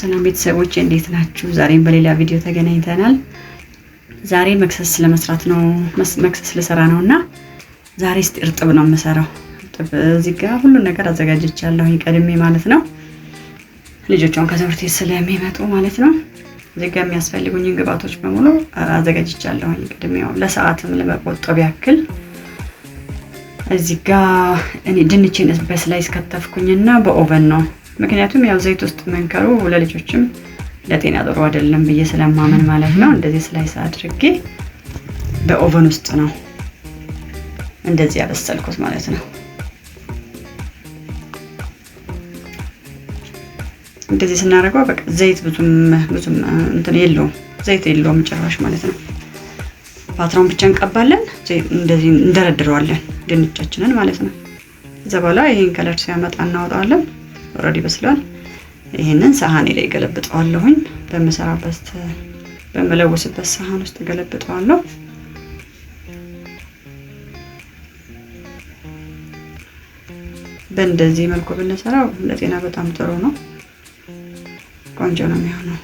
ሰላም ቤተሰቦች እንዴት ናችሁ? ዛሬም በሌላ ቪዲዮ ተገናኝተናል። ዛሬ መክሰስ ለመስራት ነው መክሰስ ልሰራ ነው እና ዛሬ እስቲ እርጥብ ነው የምሰራው። እርጥብ እዚህ ጋር ሁሉን ነገር አዘጋጅቻለሁ ቀድሜ ማለት ነው። ልጆቿን ከትምህርት ቤት ስለሚመጡ ማለት ነው። እዚህ ጋር የሚያስፈልጉኝን ግብአቶች በሙሉ አዘጋጅቻለሁ ቀድሜ ለሰዓትም ለመቆጠብ ያክል እዚህ ጋር እኔ ድንችን በስላይስ ከተፍኩኝና በኦቨን ነው ምክንያቱም ያው ዘይት ውስጥ መንከሩ ለልጆችም ለጤና ጥሩ አይደለም ብዬ ስለማመን ማለት ነው። እንደዚህ ስላይስ አድርጌ በኦቨን ውስጥ ነው እንደዚህ ያበሰልኩት ማለት ነው። እንደዚህ ስናደርገው በቃ ዘይት ብዙም ብዙም እንትን የለውም ዘይት የለውም ጭራሽ ማለት ነው። ፓትራውን ብቻ እንቀባለን፣ እንደዚህ እንደረድረዋለን ድንቻችንን ማለት ነው። እዛ በኋላ ይህን ከለር ሲያመጣ እናወጣዋለን። ወረድ ይበስላል። ይህንን ሳህኔ ላይ ገለብጠዋለሁኝ። በምሰራበት በምለውስበት ሳህን ውስጥ ገለብጠዋለሁ። በእንደዚህ መልኩ ብንሰራው ለጤና በጣም ጥሩ ነው። ቆንጆ ነው የሚሆነው።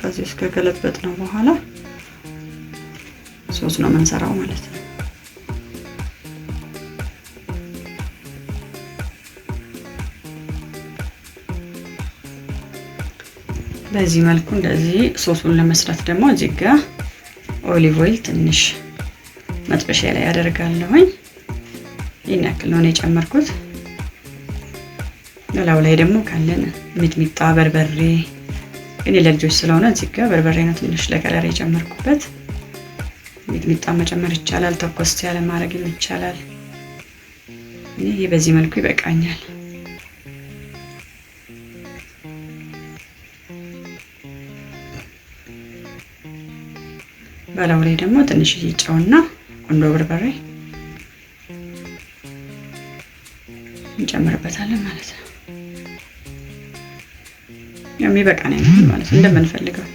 ከዚህ ውስጥ ከገለበጥ ነው በኋላ ሶስ ነው የምንሰራው ማለት ነው። በዚህ መልኩ እንደዚህ ሶሱን ለመስራት ደግሞ እዚህ ጋር ኦሊቭ ኦይል ትንሽ መጥበሻ ላይ ያደርጋለሁኝ። ይህን ያክል ነው የጨመርኩት። ሌላው ላይ ደግሞ ካለን ሚጥሚጣ፣ በርበሬ ግን ለልጆች ስለሆነ እዚህ ጋር በርበሬ ነው ትንሽ ለቀለር የጨመርኩበት። ሚጥሚጣ መጨመር ይቻላል፣ ተኮስት ያለ ማድረግም ይቻላል። ይህ በዚህ መልኩ ይበቃኛል። በላው ላይ ደግሞ ትንሽ ጨውና ቁንዶ በርበሬ እንጨምርበታለን ማለት ነው። የሚበቃን ማለት እንደምንፈልገው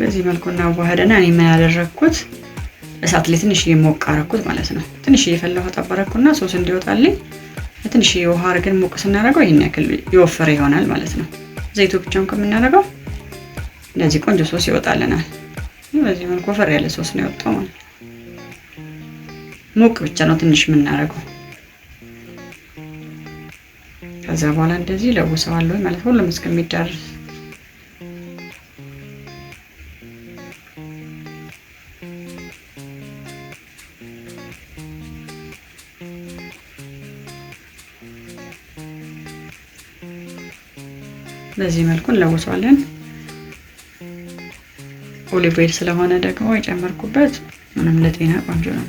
በዚህ መልኩ እናዋህደና እኔ ምን ያደረግኩት እሳት ላይ ትንሽ ሞቅ አረኩት ማለት ነው። ትንሽ የፈላሁት አባረኩና ሶስ እንዲወጣልኝ ትንሽ ውሃ አድርገን ሞቅ ስናደርገው ይህን ያክል የወፈረ ይሆናል ማለት ነው። ዘይቱ ብቻውን ከምናደርገው እንደዚህ ቆንጆ ሶስ ይወጣልናል። በዚህ መልኩ ወፈር ያለ ሶስ ነው የወጣው ማለት ነው። ሞቅ ብቻ ነው ትንሽ የምናደርገው። ከዛ በኋላ እንደዚህ ለውሰዋለሁ ማለት ሁሉም እስከሚዳርስ በዚህ መልኩ እንለውሰዋለን። ኦሊቭ ኦይል ስለሆነ ደግሞ የጨመርኩበት ምንም ለጤና ቆንጆ ነው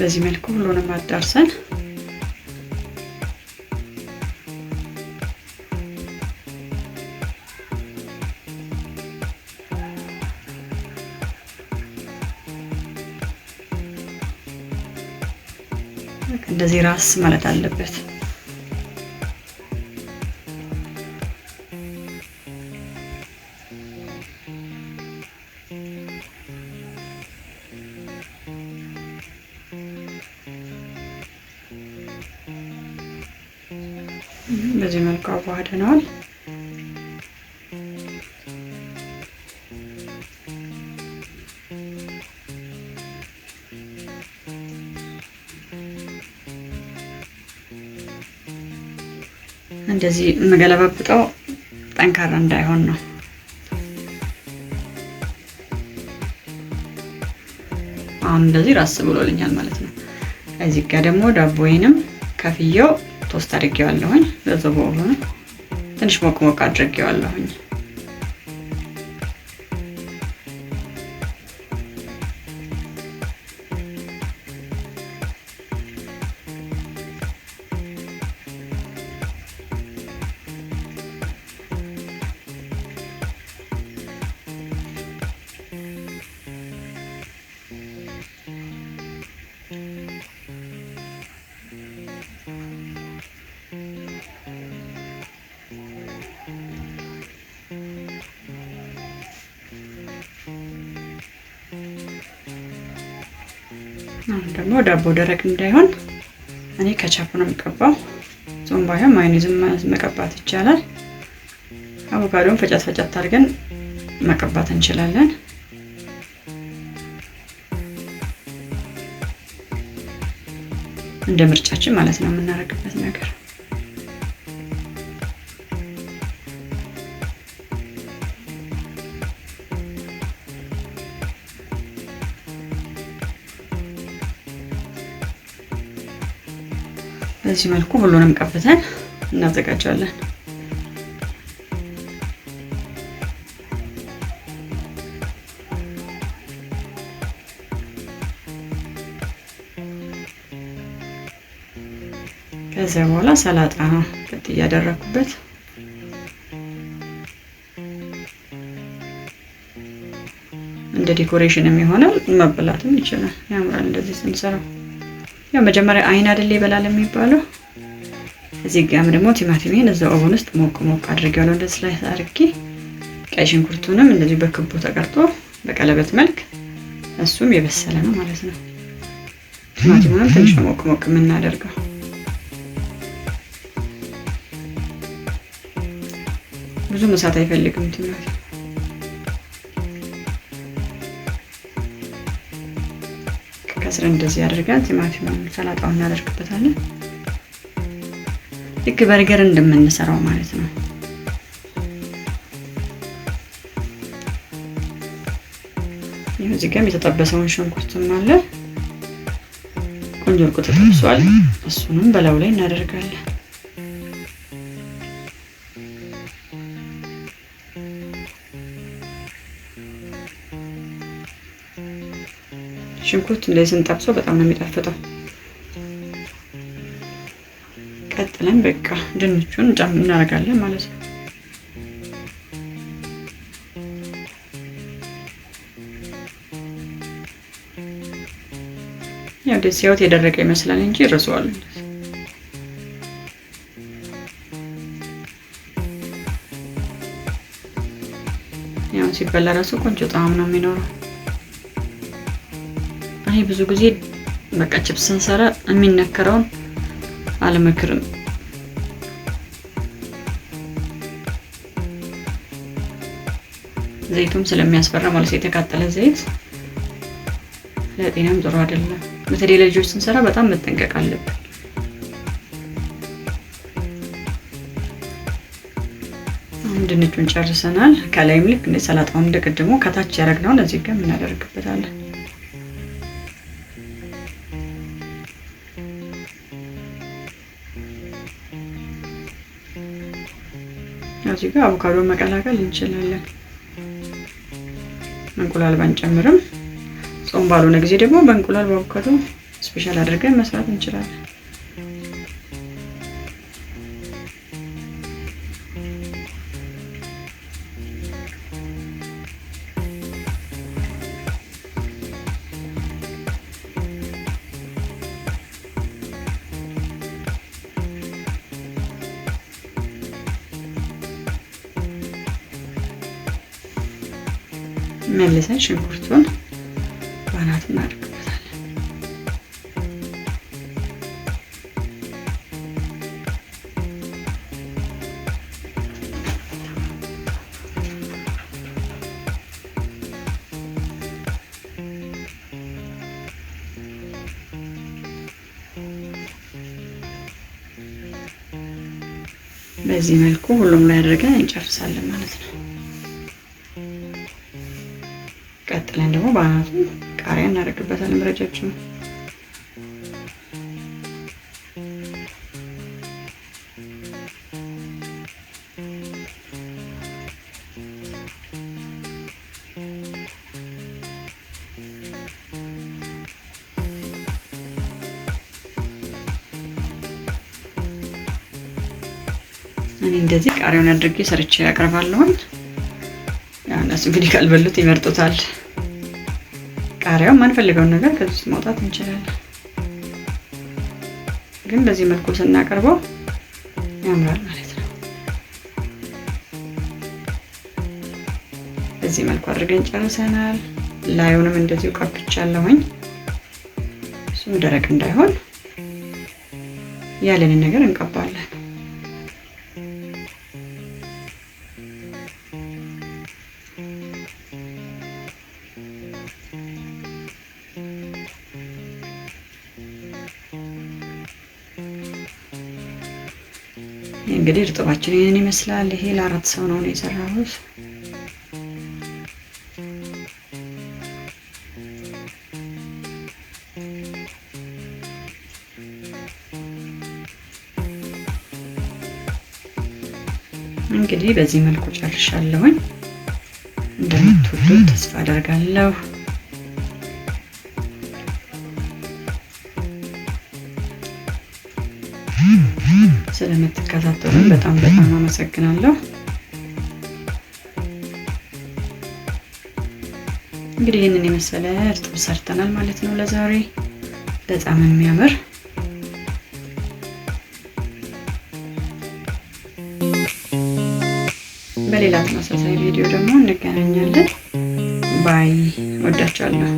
በዚህ መልኩ ሁሉንም አዳርሰን እንደዚህ ራስ ማለት አለበት። በዚህ መልኩ አዋህደነዋል። እንደዚህ የምገለባብጠው ጠንካራ እንዳይሆን ነው። አሁን እንደዚህ ራስ ብሎልኛል ማለት ነው። እዚህ ጋር ደግሞ ዳቦዬንም ከፍየው ቶስት አድርጌዋለሁኝ። በዛው በሆነ ትንሽ ሞቅ ሞቅ አድርጌዋለሁኝ። አሁን ደግሞ ዳቦ ደረቅ እንዳይሆን እኔ ከቻፕ ነው የምቀባው። ጾም ባይሆን ማዮኔዝም መቀባት ይቻላል። አቮካዶን ፈጫት ፈጫት አድርገን መቀባት እንችላለን። እንደ ምርጫችን ማለት ነው የምናደርግበት ነገር በዚህ መልኩ ሁሉንም ቀብተን እናዘጋጃለን። ከዚያ በኋላ ሰላጣ ነው ቅጥ እያደረግኩበት እንደ ዲኮሬሽን የሚሆነው መብላትም ይችላል። ያምራል እንደዚህ ስንሰራው ያው መጀመሪያ አይን አይደል ይበላል የሚባለው። እዚህ ጋም ደግሞ ቲማቲሜን እዛ ኦቨን ውስጥ ሞቅ ሞቅ አድርጌዋለሁ። እንደዚህ ስላይስ አድርጌ ቀይ ሽንኩርቱንም እንደዚህ በክቡ ተቀርጦ በቀለበት መልክ እሱም የበሰለ ነው ማለት ነው። ቲማቲሙንም ትንሽ ነው ሞቅ ሞቅ የምናደርገው ብዙ መሳት አይፈልግም ቲማቲም ከስር እንደዚህ አድርጋ ቲማቲም ሰላጣው እናደርግበታለን። ልክ በርገር እንደምንሰራው ማለት ነው። ይህ እዚህ ጋም የተጠበሰውን ሽንኩርትም አለ። ቆንጆ እርቁ ተጠብሷል። እሱንም በላዩ ላይ እናደርጋለን። ሽንኩርት እንደዚህ ስንጠብሰው በጣም ነው የሚጣፍጠው። ቀጥለን በቃ ድንቹን እናደርጋለን ማለት ነው። ያው ደስ ያውት የደረቀ ይመስላል እንጂ እርሰዋለን። ያው ሲበላ ራሱ ቆንጆ ጣዕም ነው የሚኖረው። ይሄ ብዙ ጊዜ በቃ ችፕስ ስንሰራ የሚነከረውን አልመክርም። ዘይቱም ስለሚያስፈራ ማለት የተቃጠለ ዘይት ለጤናም ጥሩ አይደለም። በተለይ ለልጆች ስንሰራ በጣም መጠንቀቅ አለብን። ድንቹን ጨርሰናል። ከላይም ልክ እንደ ሰላጣውም እንደቀድሞ ከታች ያደረግነውን እዚህ ጋር እናደርግበታለን። እዚህ ጋር አቮካዶ መቀላቀል እንችላለን። እንቁላል ባንጨምርም ጾም ባልሆነ ጊዜ ደግሞ በእንቁላል በአቮካዶ ስፔሻል አድርገን መስራት እንችላለን። መልሰን ሽንኩርቱን ባናት እናደርግበታለን። በዚህ መልኩ ሁሉም ላይ አድርገን እንጨርሳለን ማለት ነው። ቀጥለን ደግሞ በአናቱ ቃሪያ እናደርግበታለን ረጃችን እኔ እንደዚህ ቃሪያውን አድርጌ ሰርቼ ያቀርባለሁን ያው እነሱ እንግዲህ ካልበሉት ይመርጡታል። ቃሪያው ማንፈልገውን ነገር ከዚህ ውስጥ ማውጣት እንችላለን። ግን በዚህ መልኩ ስናቀርበው ያምራል ማለት ነው። በዚህ መልኩ አድርገን ጨርሰናል። ላዩንም እንደዚሁ ቀብቻለሁኝ። እሱም ደረቅ እንዳይሆን ያለንን ነገር እንቀባ እንግዲህ እርጥባችን ይህንን ይመስላል። ይሄ ለአራት ሰው ነው የሰራሁት። እንግዲህ በዚህ መልኩ ጨርሻለሁኝ። እንደምትወዱት ተስፋ አደርጋለሁ። ስለምትከታተሉ በጣም በጣም አመሰግናለሁ። እንግዲህ ይህንን የመሰለ እርጥብ ሰርተናል ማለት ነው ለዛሬ። በጣም የሚያምር በሌላ ተመሳሳይ ቪዲዮ ደግሞ እንገናኛለን። ባይ። ወዳችኋለሁ።